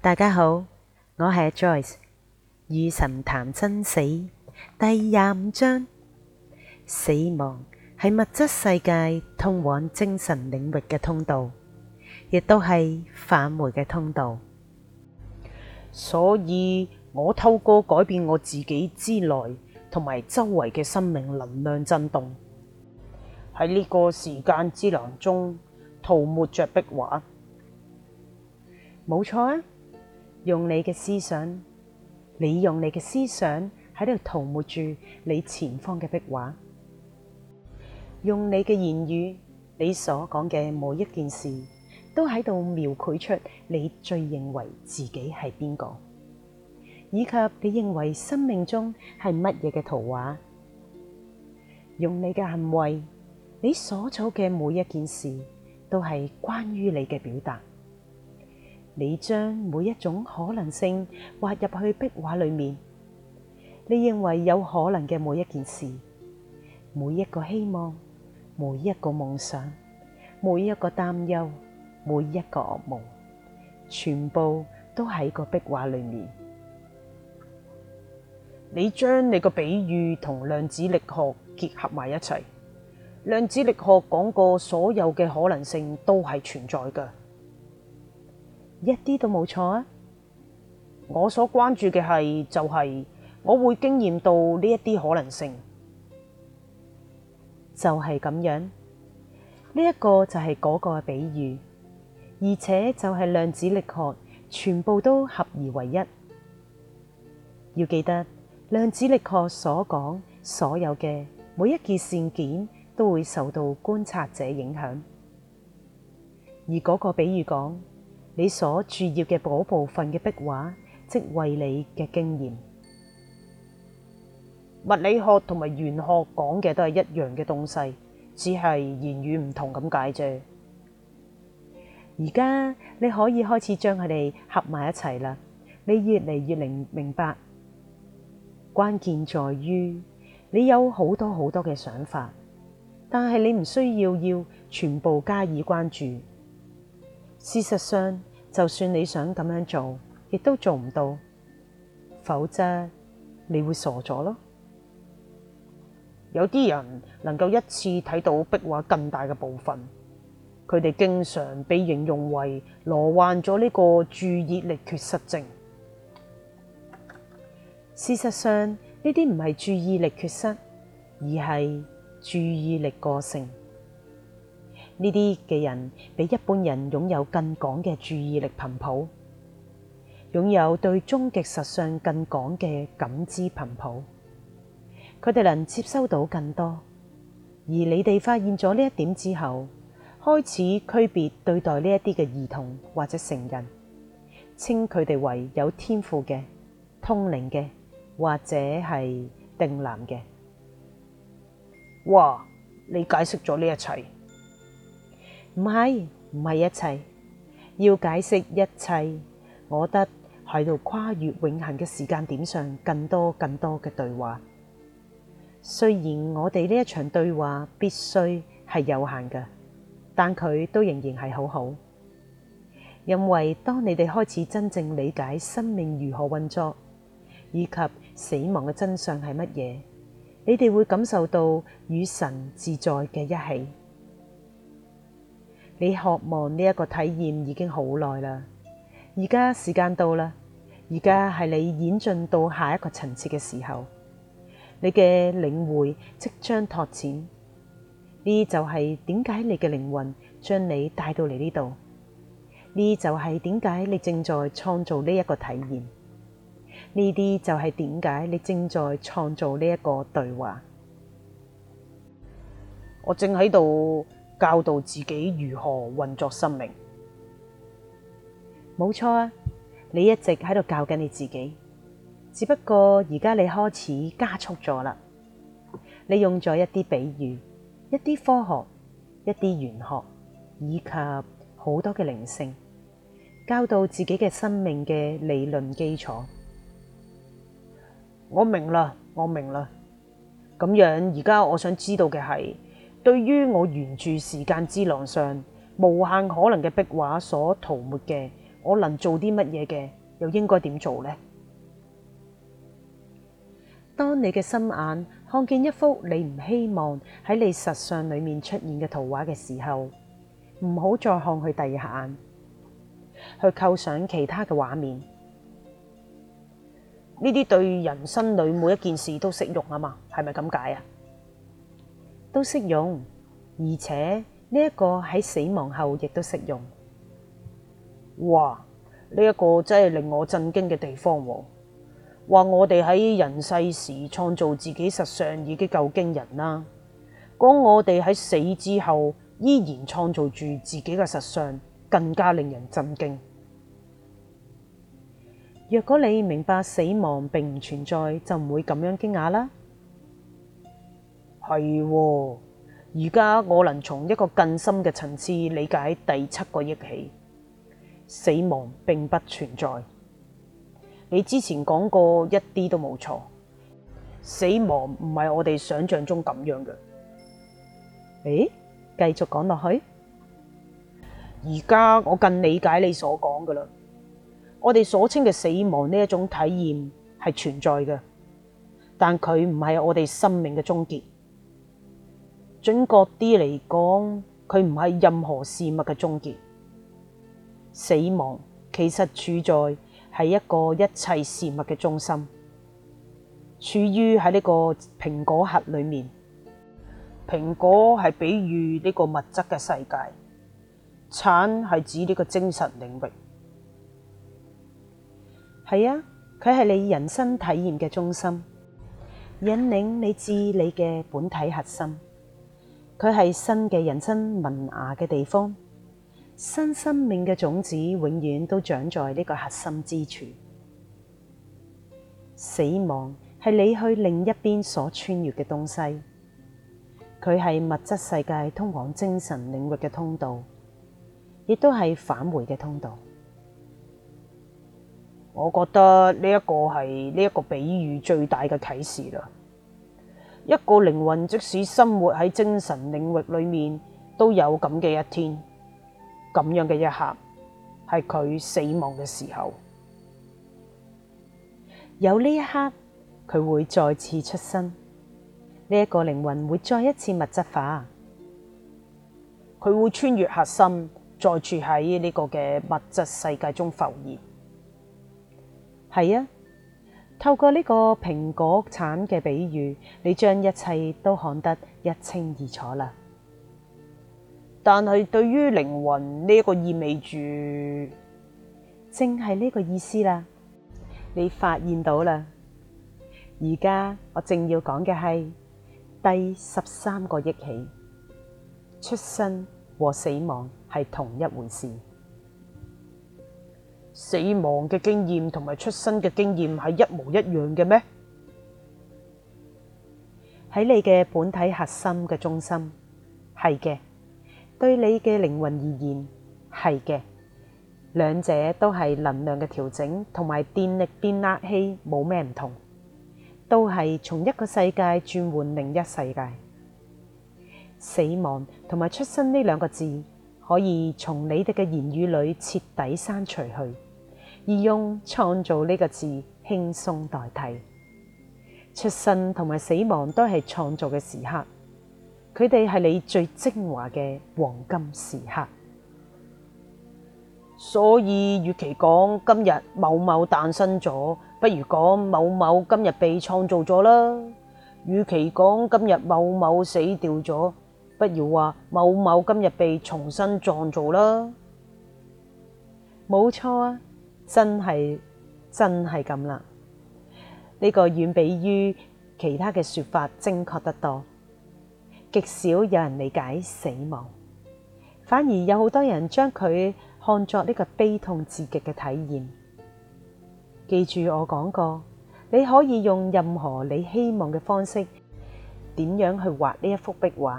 大家好，我係 Joyce。與神談生死第二十五章，死亡係物質世界通往精神領域嘅通道，亦都係返回嘅通道。所以我透過改變我自己之內同埋周圍嘅生命能量震動，喺呢個時間之欄中塗抹著壁畫，冇錯啊！用你嘅思想，你用你嘅思想喺度塗抹住你前方嘅壁畫；用你嘅言語，你所講嘅每一件事，都喺度描繪出你最認為自己係邊個，以及你認為生命中係乜嘢嘅圖畫；用你嘅行為，你所做嘅每一件事，都係關於你嘅表達。你將每一種可能性劃入去壁畫裏面，你認為有可能嘅每一件事、每一個希望、每一個夢想、每一個擔憂、每一個噩夢，全部都喺個壁畫裏面。你將你個比喻同量子力學結合埋一齊，量子力學講過所有嘅可能性都係存在㗎。一啲都冇錯啊！我所關注嘅係就係就係，我會經驗到呢一啲可能性，就係咁樣。呢一個就係嗰個比喻，而且就係量子力學全部都合而為一。要記得量子力學所講所有嘅每一件事件都會受到觀察者影響，而嗰個比喻講。你所注意嘅嗰部分嘅壁畫，即為你嘅經驗。物理學同埋玄學講嘅都係一樣嘅東西，只係言語唔同咁解啫。而家你可以開始將佢哋合埋一齊啦。你越嚟越明明白，關鍵在於你有好多好多嘅想法，但係你唔需要要全部加以關注。事實上，就算你想咁樣做，亦都做唔到，否則你會傻咗咯。有啲人能夠一次睇到壁畫更大嘅部分，佢哋經常被形容為罹患咗呢個注意力缺失症。事實上，呢啲唔係注意力缺失，而係注意力過剩。呢啲嘅人比一般人擁有更廣嘅注意力頻譜，擁有對終極實相更廣嘅感知頻譜。佢哋能接收到更多。而你哋發現咗呢一點之後，開始區別對待呢一啲嘅兒童或者成人，稱佢哋為有天賦嘅、通靈嘅或者係靛藍嘅。哇！你解釋咗呢一切。唔係，唔係一切，要解釋一切。我得喺度跨越永恒嘅時間點上，更多更多嘅對話。雖然我哋呢一場對話必須係有限嘅，但佢都仍然係好好。因為當你哋開始真正理解生命如何運作，以及死亡嘅真相係乜嘢，你哋會感受到與神自在嘅一起。你渴望呢一個體驗已經好耐啦，而家時間到啦，而家係你演進到下一個層次嘅時候，你嘅領會即將拓展。呢就係點解你嘅靈魂將你帶到嚟呢度？呢就係點解你正在創造呢一個體驗？呢啲就係點解你正在創造呢一個對話？我正喺度。教導自己如何運作生命，冇錯啊！你一直喺度教緊你自己，只不過而家你開始加速咗啦。你用咗一啲比喻，一啲科學，一啲玄學，以及好多嘅靈性，教導自己嘅生命嘅理論基礎。我明啦，我明啦。咁樣而家我想知道嘅係。對於我沿住時間之廊上無限可能嘅壁畫所塗抹嘅，我能做啲乜嘢嘅？又應該點做呢？當你嘅心眼看見一幅你唔希望喺你實相裏面出現嘅圖畫嘅時候，唔好再看佢第二下眼，去構想其他嘅畫面。呢啲對人生裏每一件事都適用啊嘛，係咪咁解啊？都適用，而且呢一個喺死亡後亦都適用。哇！呢一個真係令我震驚嘅地方。話我哋喺人世時創造自己實相已經夠驚人啦，講我哋喺死之後依然創造住自己嘅實相，更加令人震驚。若果你明白死亡並唔存在，就唔會咁樣驚訝啦。係，而家，哦，我能從一個更深嘅層次理解第七個憶起，死亡並不存在。你之前講過一啲都冇錯，死亡唔係我哋想象中咁樣嘅。誒，繼續講落去，而家我更理解你所講嘅啦。我哋所稱嘅死亡呢一種體驗係存在嘅，但佢唔係我哋生命嘅終結。準確啲嚟講，佢唔係任何事物嘅終結。死亡其實處在係一個一切事物嘅中心，處於喺呢個蘋果核裏面。蘋果係比喻呢個物質嘅世界，橙係指呢個精神領域。係啊，佢係你人生體驗嘅中心，引領你至你嘅本體核心。佢係新嘅人生萌芽嘅地方，新生命嘅種子永遠都長在呢個核心之處。死亡係你去另一邊所穿越嘅東西，佢係物質世界通往精神領域嘅通道，亦都係返回嘅通道。我覺得呢一個係呢一個比喻最大嘅啟示啦。一個靈魂即使生活喺精神領域裏面，都有咁嘅一天，咁樣嘅一刻，係佢死亡嘅時候。有呢一刻，佢會再次出生，呢一個靈魂會再一次物質化，佢會穿越核心，再住喺呢個嘅物質世界中浮現。係啊。透過呢個蘋果橙嘅比喻，你將一切都看得一清二楚啦。但係對於靈魂呢個意味住，正係呢個意思啦。你發現到啦。而家我正要講嘅係第十三個憶起，出生和死亡係同一回事。死亡嘅經驗同埋出生嘅經驗係一模一樣嘅咩？喺你嘅本體核心嘅中心，係嘅。對你嘅靈魂而言，係嘅。兩者都係能量嘅調整，同埋電力變壓器冇咩唔同，都係從一個世界轉換另一世界。死亡同埋出生呢兩個字，可以從你哋嘅言語裏徹底刪除去。而用創造呢個字輕鬆代替出生同埋死亡，都係創造嘅時刻，佢哋係你最精華嘅黃金時刻。所以，與其講今日某某誕生咗，不如講某某今日被創造咗啦。與其講今日某某死掉咗，不如話某某今日被重新創造啦。冇錯啊！真係真係咁啦！呢個遠比於其他嘅說法精確得多。極少有人理解死亡，反而有好多人將佢看作呢個悲痛至極嘅體驗。記住我講過，你可以用任何你希望嘅方式，點樣去畫呢一幅壁畫，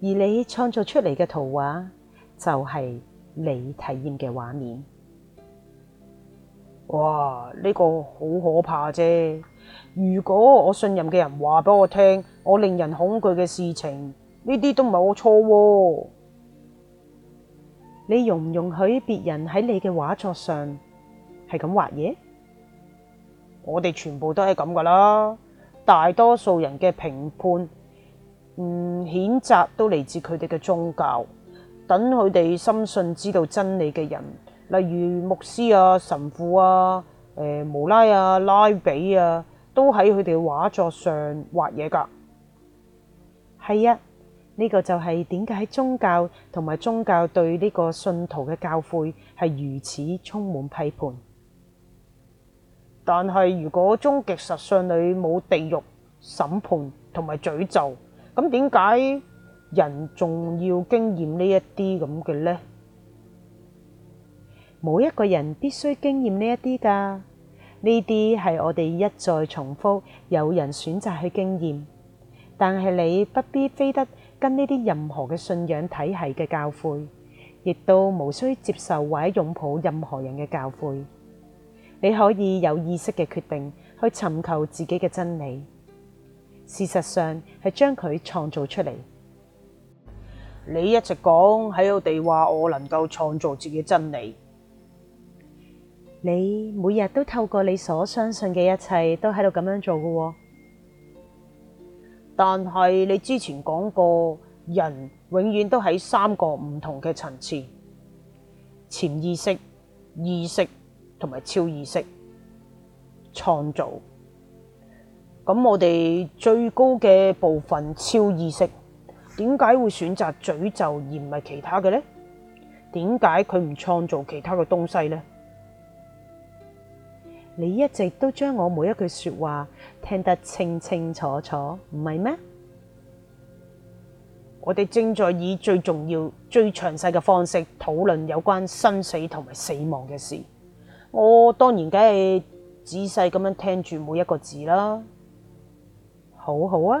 而你創作出嚟嘅圖畫就係。你體驗嘅畫面，哇！呢、這個好可怕啫。如果我信任嘅人話俾我聽，我令人恐懼嘅事情，呢啲都唔係我錯、哦。你容唔容許別人喺你嘅畫作上係咁畫嘢？我哋全部都係咁噶啦。大多數人嘅評判、唔、嗯、譴責都嚟自佢哋嘅宗教。等佢哋深信知道真理嘅人，例如牧師啊、神父啊、誒無拉啊、拉比啊，都喺佢哋嘅畫作上畫嘢㗎。係啊，呢個就係點解宗教同埋宗教對呢個信徒嘅教誨係如此充滿批判。但係如果終極實相裏冇地獄、審判同埋詛咒，咁點解？人仲要經驗呢一啲咁嘅咧，冇一個人必須經驗呢一啲噶。呢啲係我哋一再重複，有人選擇去經驗，但係你不必非得跟呢啲任何嘅信仰體系嘅教誨，亦都無需接受或者擁抱任何人嘅教誨。你可以有意識嘅決定去尋求自己嘅真理，事實上係將佢創造出嚟。你一直講喺我哋話，我能夠創造自己的真理，你每日都透過你所相信嘅一切都喺度咁樣做噶哦，但係你之前講過，人永遠都喺三個唔同嘅層次：潛意識、意識同埋超意識創造。咁我哋最高嘅部分，超意識。點解會選擇詛咒而唔係其他嘅呢？點解佢唔創造其他嘅東西呢？你一直都將我每一句說話聽得清清楚楚，唔係咩？我哋正在以最重要、最詳細嘅方式討論有關生死同埋死亡嘅事。我當然梗係仔細咁樣聽住每一個字啦。好好啊。